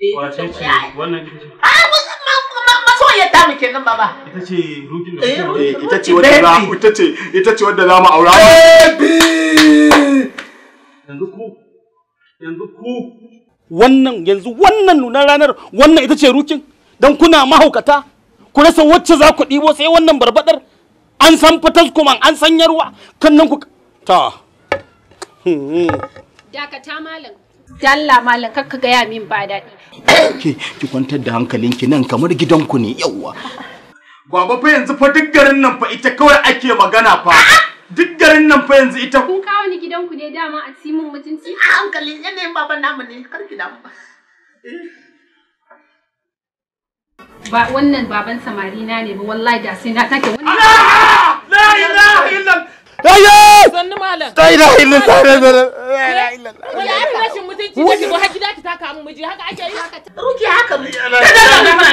Eh, Wace ce ita ce? Ah, da eh, wadda za mu ita ce wadda aura. Yanzu ku yanzu ku wannan yanzu wannan nunar ranar wannan ita ce rukin don kuna mahaukata ku rasa wacce za ku ɗibo sai wannan barbadar an san fitas kuma an san yarwa kan nan ku ta dakata malam Dalla malam kakka gaya min ba daɗi. Ki ki kwantar da hankalinki nan kamar gidanku ne yawwa. Baba fa yanzu fa duk garin nan fa ita kawai ake magana fa. Duk garin nan fa yanzu ita. Kun kawo ni gidanku ne dama a simin mutunci. A hankali yanayin baba namu ne k'i damu. Ba wannan baban samari na ne ba wallahi da sai na take wani. La ilaha illallah. Ayyo! Sannu malam. La ilaha illallah. la illa Allah wala ai rashin mutunci da ake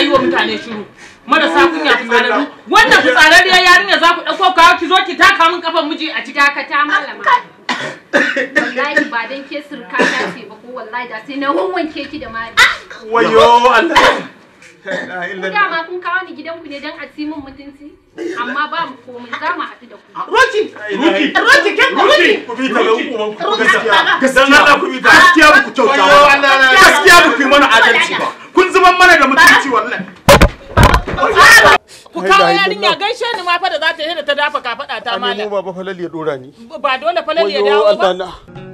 yi yi shiru marasa kunya fitsararru yarinya za ku ɗauko kawo ki zo ki taka min kafan miji a ciki haka ta malama wallahi ba dan ke surka ta ce ba ko wallahi da sai na wanwanke ki da mari wayo Allah Dama kun kawo ni gidanku ne dan a ci min mutunci, amma ba mu komai za mu haɗu da ku. Roki! Roki! Roki! Roki! Ku bi ta lau ku gaskiya. Ah, ah, gaskiya na ku bi ta. Gaskiya ku kyauta ah, Gaskiya ku yi mana adalci ba. Kun zuban mana da mutunci wallahi. ku kawo yarinya gaishe ni ma fa da za ta yi da ta dafa kafada ta mala. Ani mu baba ya dora ni. Ba dole falali ya dawo ba.